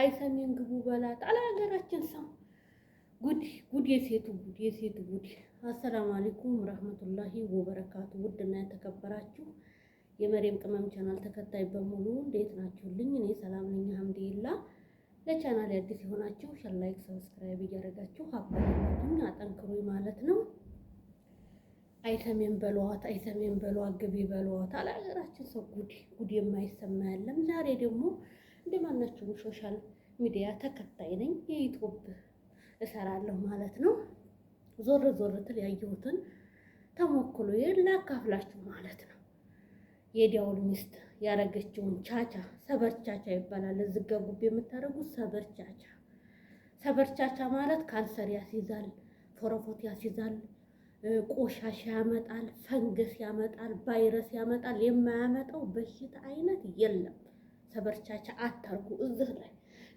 አይሰሚን ግቡ በላት አለ ሀገራችን ሰው። ጉድ ጉድ፣ የሴቱ ጉድ፣ የሴቱ ጉድ። አሰላሙ አለይኩም ረህመቱላሂ ወበረካቱ። ውድና የተከበራችሁ የመሬም ቅመም ቻናል ተከታይ በሙሉ እንዴት ናችሁልኝ? እኔ ሰላም ነኝ አልሐምዱሊላህ። ለቻናል አዲስ የሆናችሁ ሸር፣ ላይክ፣ ሰብስክራይብ እያደረጋችሁ አበረታቱኝ፣ አጠንክሩኝ ማለት ነው። አይሰሜን በሏት፣ አይሰሜን በሏት፣ ግቢ በሏት አለ ሀገራችን ሰው። ጉድ ጉድ፣ የማይሰማ ያለም ዛሬ ደግሞ እንደ ማናቸውም ሶሻል ሚዲያ ተከታይ ነኝ። የዩቱብ እሰራለሁ ማለት ነው። ዞር ዞር ትል ያየሁትን ተሞክሎ ላካፍላችሁ ማለት ነው። የዲያውል ሚስት ያረገችውን ቻቻ ሰበርቻቻ ይባላል። እዚህ ገቡብ የምታደርጉት ሰበር ቻቻ ማለት ካንሰር ያስይዛል፣ ፎረፎት ያስይዛል፣ ቆሻሻ ያመጣል፣ ፈንገስ ያመጣል፣ ቫይረስ ያመጣል። የማያመጣው በሽታ አይነት የለም። ተበርቻቻ አታርጉ። እዚህ ላይ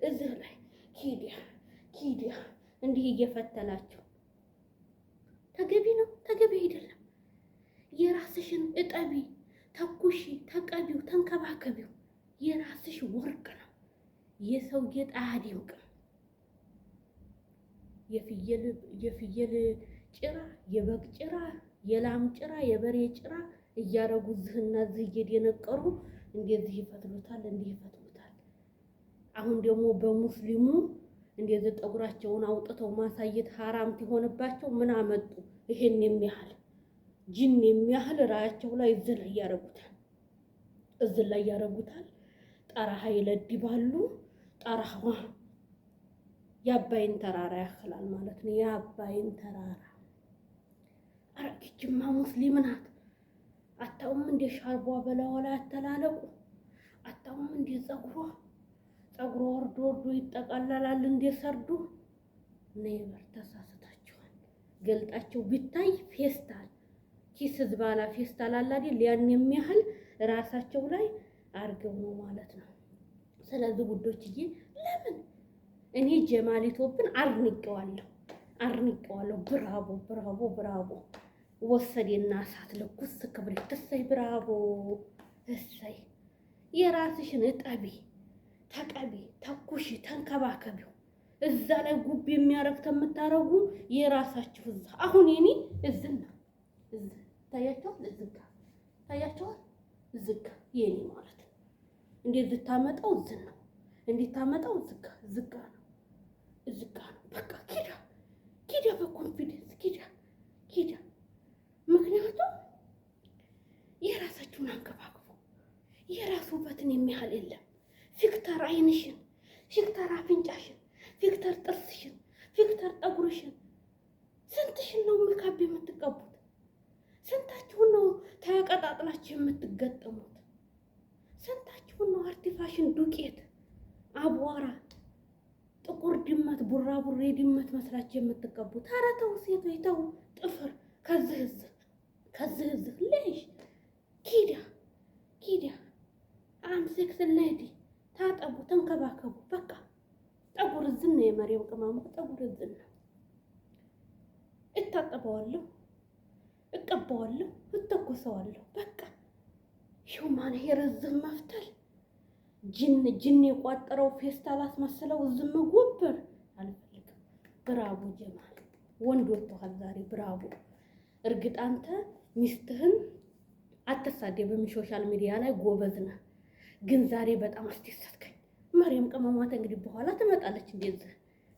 እዚህ ላይ ኪዲያ ኪዲያ እንዲህ እየፈተላቸው ተገቢ ነው ተገቢ አይደለም። የራስሽን እጠቢ፣ ተኩሺ፣ ተቀቢው፣ ተንከባከቢው። የራስሽ ወርቅ ነው። የሰው ጌጥ አያድምቅም። የፍየል ጭራ፣ የበግ ጭራ፣ የላም ጭራ፣ የበሬ ጭራ እያረጉ እዚህና እዚህ እየደነቀሩ እንደዚህ ይፈትሉታል፣ እንዲህ ይፈትሉታል። አሁን ደግሞ በሙስሊሙ እንደዚህ ጠጉራቸውን አውጥተው ማሳየት ሀራም ሲሆንባቸው ምን አመጡ? ይሄን የሚያህል ጅን የሚያህል ራያቸው ላይ እዚህ ላይ ያረጉታል፣ እዚህ ላይ ያረጉታል። ጠራሃ ይለድባሉ። ጠራዋ የአባይን ተራራ ያክላል ማለት ነው። የአባይን ተራራ አረግጅማ ሙስሊም ናት። አታውም እንደ ሻርቧ በላዋ ላይ አተላለቁ አታውም እንዴ ጸጉሯ ጸጉሯ ወርዶ ወርዶ ይጠቃለላል እንዴ ሰርዱ ነይበር ተሳስታችኋል። ገልጣቸው ቢታይ ፌስታል ኪስ ዝባላ ፌስታል አለ አይደል? ያን የሚያህል ራሳቸው ላይ አርገው ነው ማለት ነው። ስለዚህ ውዶችዬ ለምን እኔ ጀማል ኢትዮፕን አርንቀዋለሁ አርንቀዋለሁ። ብራቦ ብራቦ ብራቦ ወሰዴና እሳት ለኩስ ክብሪት። እሰይ ብራቦ እሰይ! የራስሽን እጠቢ፣ ተቀቢ፣ ተኩሽ ተንከባከቢው። እዛ ላይ ጉብ የሚያረግ ተምታረጉ የራሳችሁ እዛ አሁን የኔ እዝና ታያቸው ዝጋ ታያቸዋል፣ ዝጋ የኔ ማለት ነው። እንዴት ዝታመጣው እዝን ነው፣ እንዴት ታመጣው ዝጋ፣ ዝጋ ነው፣ ዝጋ ነው። በቃ ኪዳ የለም። ፊክተር አይንሽን፣ ፊክተር አፍንጫሽን፣ ፊክተር ጥርስሽን፣ ፊክተር ጠጉርሽን። ስንትሽን ነው ሜካፕ የምትቀቡት? ስንታችሁን ነው ተቀጣጥላችሁ የምትገጠሙት? ስንታችሁን ነው አርቲፋሽን ዱቄት፣ አቧራ፣ ጥቁር ድመት፣ ቡራቡሬ ድመት መስላችሁ የምትቀቡት? ኧረ ተው ሴቶች ተው። ጥፍር ከዚህ እዚህ ለይ ማማማቅ ጠጉር ዝም ነው። እታጠበዋለሁ፣ እቀባዋለሁ፣ እተኮሰዋለሁ። በቃ ሂውማን ሄር ዝም መፍተል ጅን ጅን የቋጠረው ፌስታል አስመስለው ዝም ጎበር አልፈልግም። ብራቡ ጀማል ወንድ ወጥቷል ዛሬ ብራቡ እርግጥ አንተ ሚስትህን አትሳደብም፣ ሶሻል ሚዲያ ላይ ጎበዝ ነህ። ግን ዛሬ በጣም አስደሰትከኝ። ማርያም ቅመሟት እንግዲህ በኋላ ትመጣለች እንደዚህ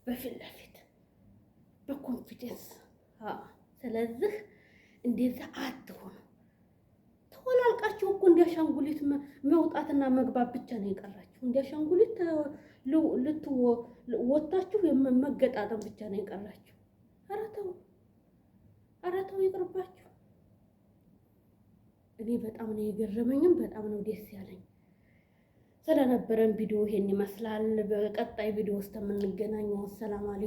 በፊት ለፊት በኮንፊደንስ። ስለዚህ እንደዛ አትሆኑ። ተወላልቃችሁ እኮ እንደ አሻንጉሊት መውጣትና መግባት ብቻ ነው የቀራችሁ። እንደ አሻንጉሊት ልትወጣችሁ መገጣጠም ብቻ ነው የቀራችሁ። ኧረ ተው፣ ኧረ ተው ይቅርባችሁ። እኔ በጣም ነው የገረመኝም በጣም ነው ደስ ያለኝ። ስለነበረን ቪዲዮ ይሄን ይመስላል። በቀጣይ ቪዲዮ ውስጥ የምንገናኘው። ሰላም አለይኩም።